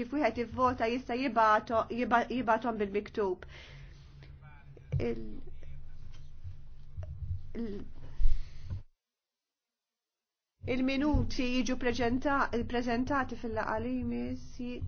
kif wieħed ivvota jista' jibgħathom bil-miktub. Il-minuti jiġu preżentati fil-laqalimis